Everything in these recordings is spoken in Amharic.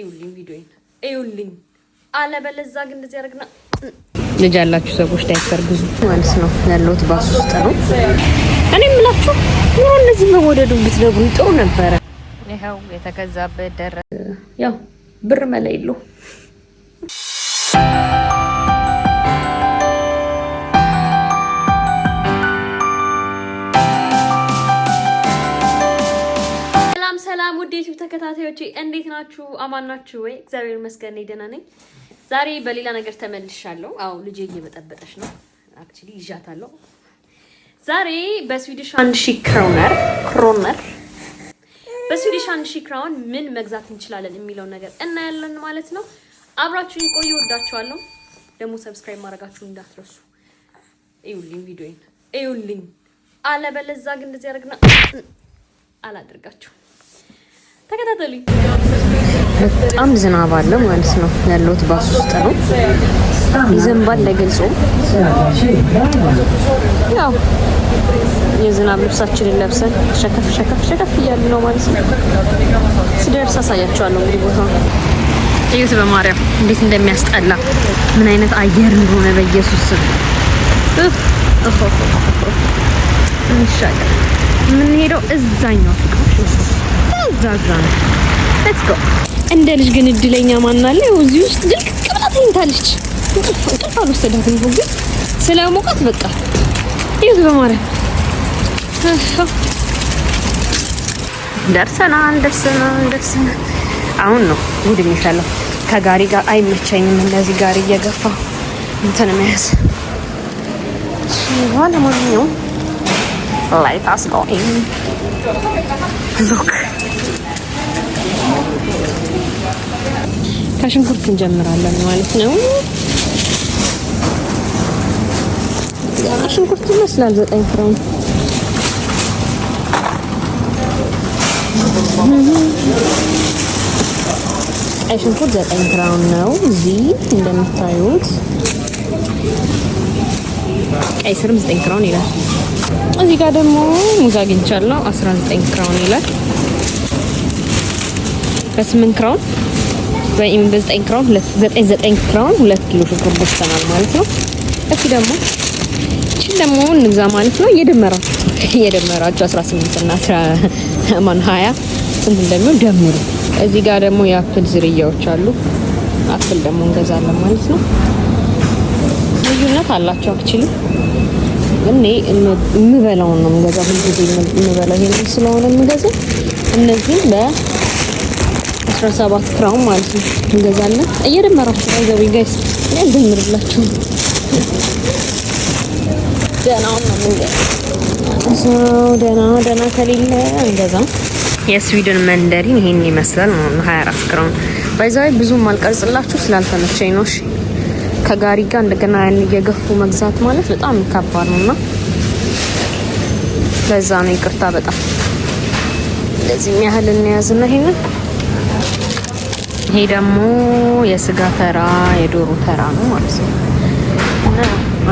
ይኸውልኝ ቪዲዮዬን ይኸውልኝ። አለበለዚያ ግን እንደዚህ ያደርግና ልጅ ያላችሁ ሰዎች ዳይፐር ግዙ ማለት ነው። ያለሁት ባስ ውስጥ ነው። እኔ የምላችሁ ኑሮ እነዚህ መወደዱ ብትነግሩኝ ጥሩ ነበረ። ይኸው የተገዛበት ደረ ያው ብር መላ የዩቲዩብ ተከታታዮች እንዴት ናችሁ? አማን ናችሁ ወይ? እግዚአብሔር ይመስገን እኔ ደህና ነኝ። ዛሬ በሌላ ነገር ተመልሻለሁ። አዎ ልጄ እየበጠበጠች ነው። አክቹሊ ይዣታለሁ። ዛሬ በስዊድሽ አንድ ሺህ ክሮነር ክሮነር በስዊድሽ አንድ ሺህ ክራውን ምን መግዛት እንችላለን የሚለውን ነገር እናያለን ማለት ነው። አብራችሁን ቆዩ። ወዳችኋለሁ። ደግሞ ሰብስክራይብ ማድረጋችሁን እንዳትረሱ። እዩልኝ፣ ቪዲዮዬን እዩልኝ። አለበለዛ ግን እንደዚህ ያደርግና አላደርጋችሁም ተከታተሉ። በጣም ዝናብ አለ ማለት ነው። ያለሁት ባስ ውስጥ ነው። ይዘንባል፣ አይገልጸውም። ያው የዝናብ ልብሳችንን ለብሰን ሸከፍ ሸከፍ ሸከፍ እያሉ ነው ማለት ነው። ስደርስ አሳያቸዋለሁ። እንግዲህ ቦታ እዩት፣ በማርያም እንዴት እንደሚያስጠላ ምን አይነት አየር እንደሆነ በኢየሱስ ስም እንሻገር። የምንሄደው እዛኛው ፍቅር ተረጋጋ። ሌትስ ጎ። እንደ ልጅ ግን እድለኛ ማናለ ያው እዚህ ውስጥ ድልቅ ቅብላ ተኝታለች። እንቅልፍ አልወሰዳትም እኮ ግን ሞቃት በቃ ይሁት በማርያም ደርሰናል ደርሰናል ደርሰናል። አሁን ነው ጉድ የሚፈለው። ከጋሪ ጋር አይመቸኝም እንደዚህ ጋሪ እየገፋ እንትን መያዝ። ለማንኛውም Let us go in. Look. ከሽንኩርት እንጀምራለን ማለት ነው። ሽንኩርት ይመስላል ዘጠኝ ፍሬውን ቀይ ሽንኩርት ዘጠኝ ግራም ነው። እዚህ እንደምታዩት ቀይ ስርም ዘጠኝ ግራም ይላል። እዚህ ጋር ደግሞ ሙዝ አግኝቻለሁ 19 ክራውን ይላል። በ8 ክራውን በ9 ክራውን 99 ክራውን 2 ኪሎ ሽንኩርት ገዝተናል ማለት ነው። እሺ ደግሞ እቺን ደግሞ እንግዛ ማለት ነው። እየደመራችሁ እየደመራችሁ 18 እና 20 ስንት እንደሚሆን ደምሩ። እዚህ ጋር ደግሞ የአፕል ዝርያዎች አሉ። አፕል ደግሞ እንገዛለን ማለት ነው። ልዩነት አላቸው አክቹሊ እኔ የምበላውን ነው የምገዛው። ብዙ ጊዜ የምበላው ይሄን ስለሆነ የምገዛው እነዚህ በ17 ክራውን ማለት ነው እንገዛለን። እየደመራችሁ አይገቢ ጋይስ፣ እኔ አልደምርላችሁ ደናውን ነው የምንገዛው። ደና ደና ከሌለ እንገዛም። የስዊድን መንደሪን ይሄን ይመስላል ነው 24 ክራውን። ባይዛይ ብዙም አልቀርጽላችሁ ስላልተመቸኝ ነው። እሺ ከጋሪ ጋር እንደገና ያን እየገፉ መግዛት ማለት በጣም ከባድ ነው እና ለዛ ነው ይቅርታ። በጣም እንደዚህም ያህል እንያዝና ይሄንን ይሄ ደግሞ የስጋ ተራ የዶሮ ተራ ነው ማለት ነው። እና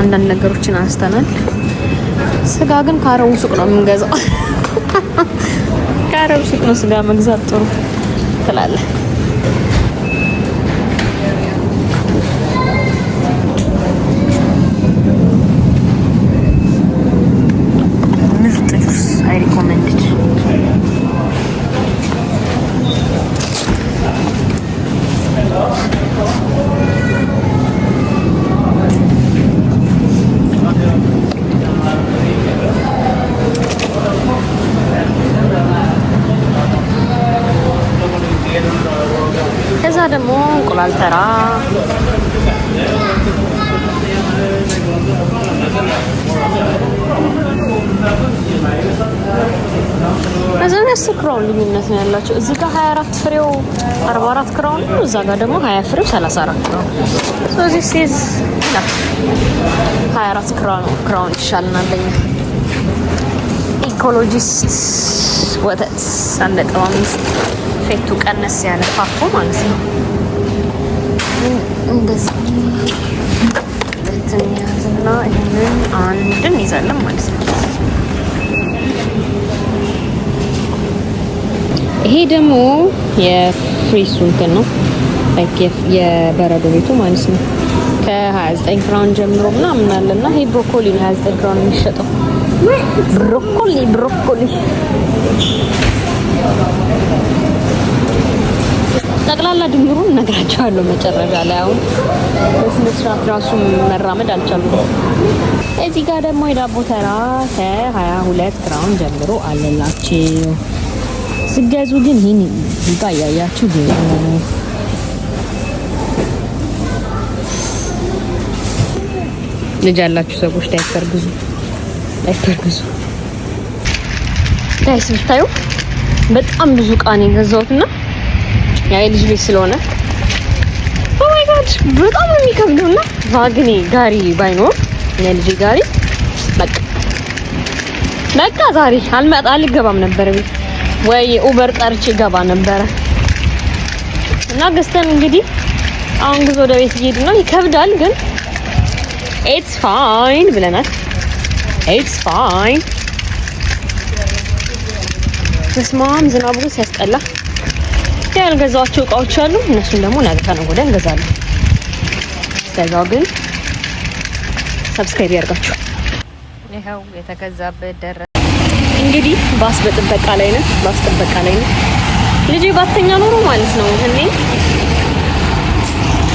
አንዳንድ ነገሮችን አንስተናል። ስጋ ግን ከአረቡ ሱቅ ነው የምንገዛው። ከአረቡ ሱቅ ነው ስጋ መግዛት ጥሩ ትላለህ። ತರ በዛም ያስክራውን ልዩነት ነው ያላቸው። እዚህ ጋር 24 ፍሬው 44 ክራውን ነው፣ እዛ ጋር ደግሞ 20 ፍሬው 34 ክራውን። ስለዚህ ሲዝ 24 ክራውን ይሻልናል። ኢኮሎጂስት ወተት አንድ ነጥብ ፌቱ ቀነስ ያለ ፓፖ ማለት ነው። እንደዚህ ትንያዝና ይህንን አንድ እንይዛለን ማለት ነው። ይሄ ደግሞ የፍሪሱ እንትን ነው የበረዶ ቤቱ ማለት ነው። ከ29 ግራውንድ ጀምሮ ምናምን አለና ይሄ ብሮኮሊ ነው። 29 ግራውንድ የሚሸጠው ብሮኮሊ ብሮኮሊ ጠቅላላ ድምሩን እነግራቸዋለሁ መጨረሻ ላይ። አሁን በስነ ስርዓት ራሱ መራመድ አልቻሉም። እዚህ ጋር ደግሞ የዳቦ ተራ ከሀያ ሁለት ግራውን ጀምሮ አለላችሁ። ስገዙ ግን ይህን ጋ እያያችሁ ልጅ ያላችሁ ሰዎች ዳይፐር ግዙ፣ ዳይፐር ግዙ። ጋይስ ብታዩ በጣም ብዙ እቃ ነው የገዛሁትና ያይ ልጅ ቤት ስለሆነ ኦማይ ጋድ በጣም ነው የሚከብደው። እና ቫግኔ ጋሪ ባይኖር ልጅ ጋሪ በቃ በቃ ዛሬ አልመጣ አልገባም ነበር ቤት ወይ ኡበር ጠርቼ ገባ ነበረ። እና ገዝተን እንግዲህ አሁን ጉዞ ወደ ቤት እየሄድ ነው። ይከብዳል ግን ኢትስ ፋይን ብለናል። ኢትስ ፋይን። ተስማም አብ ዝናቡ ሲያስጠላ ኢትዮጵያ ያልገዛቸው እቃዎች አሉ። እነሱን ደግሞ ነገ ከነገ ወዲያ እንገዛለን። እስከዛው ግን ሰብስክራይብ ያርጋችሁ። ይኸው የተገዛበት ደረ እንግዲህ ባስ በጥበቃ ላይ ነው፣ ባስ ጥበቃ ላይ ነው። ልጅ ባተኛ ኖሮ ማለት ነው እኔ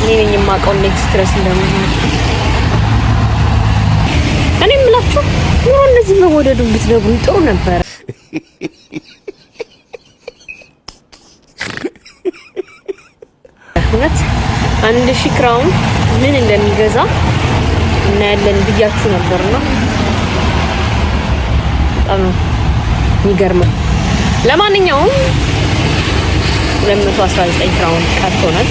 እኔ ነኝ የማውቀው እንዴት ስትረስ እንደምሆነ። እኔ የምላችሁ ኑሮ እንደዚህ መወደዱ ብትነግሩኝ ጥሩ ነበር። እውነት አንድ ሺህ ክራውን ምን እንደሚገዛ እናያለን ብያችሁ ነው። በጣም ነው የሚገርመው። ለማንኛውም 219 ክራውን ቀርቶናል።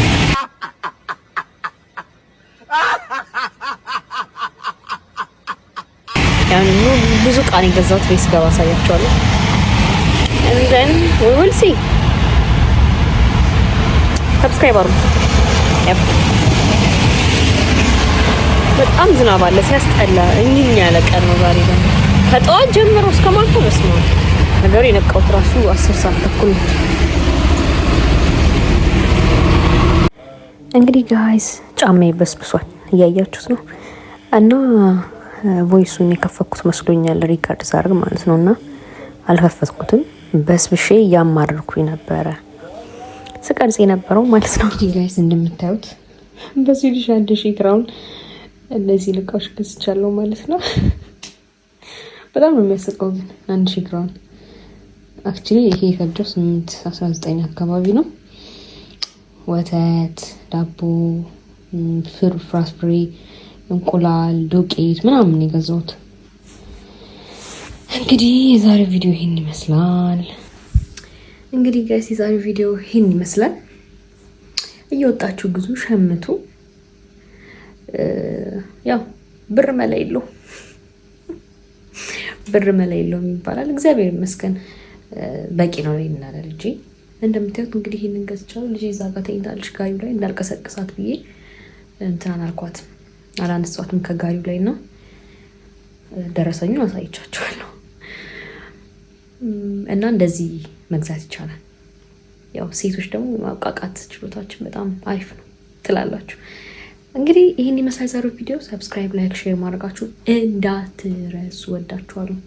ያን ብዙ ቃን የገዛሁት ቤት ስገባ አሳያችኋለሁ። እንዘን ዊል ሲ ሰብስክራይብ በጣም ዝናብ አለ ሲያስጠላ። እኝኝ ያለ ቀን ነው ዛሬ ደግሞ ከጠዋት ጀምሮ እስከ ማታ ነገሩ የነቃውት ራሱ አስር ሰዓት ተኩል ነው። እንግዲህ ጋይስ ጫማ በስብሷል እያያችሁት ነው እና ቮይሱን የከፈትኩት መስሎኛል ሪካርድ ሳደርግ ማለት ነው እና አልከፈትኩትም በስብሼ እያማረርኩኝ ነበረ ስቀርጽ የነበረው ማለት ነው። ጋይስ እንደምታዩት በዚህ ልሽ አንድ ሺ ግራውን እነዚህ ልቃዎች ገዝቻለሁ ማለት ነው። በጣም ነው የሚያስቀው። ግን አንድ ሺ ግራውን አክቹዋሊ ይሄ የፈጀው ስምንት አስራ ዘጠኝ አካባቢ ነው። ወተት፣ ዳቦ፣ ፍር፣ ፍራስፍሬ፣ እንቁላል፣ ዱቄት ምናምን የገዛሁት። እንግዲህ የዛሬው ቪዲዮ ይህን ይመስላል። እንግዲህ ጋይስ የዛሬው ቪዲዮ ይህን ይመስላል። እየወጣችሁ ግዙ፣ ሸምቱ። ያው ብር መላ የለው ብር መላ የለውም ይባላል። እግዚአብሔር ይመስገን በቂ ነው ላይ እናለ ልጄ እንደምታዩት እንግዲህ ይህንን ገዝቻለሁ። ልጄ እዛ ጋር ተኝታለች ጋሪው ላይ እንዳልቀሰቅሳት ብዬ እንትን አልኳት አላነሷትም ከጋሪው ላይ እና ደረሰኙን አሳይቻቸዋለሁ እና እንደዚህ መግዛት ይቻላል። ያው ሴቶች ደግሞ የማብቃቃት ችሎታችን በጣም አሪፍ ነው ትላላችሁ። እንግዲህ ይህን የመሳይ ዛሬው ቪዲዮ ሰብስክራይብ፣ ላይክ፣ ሼር ማድረጋችሁ እንዳትረሱ። ወዳችኋለሁ።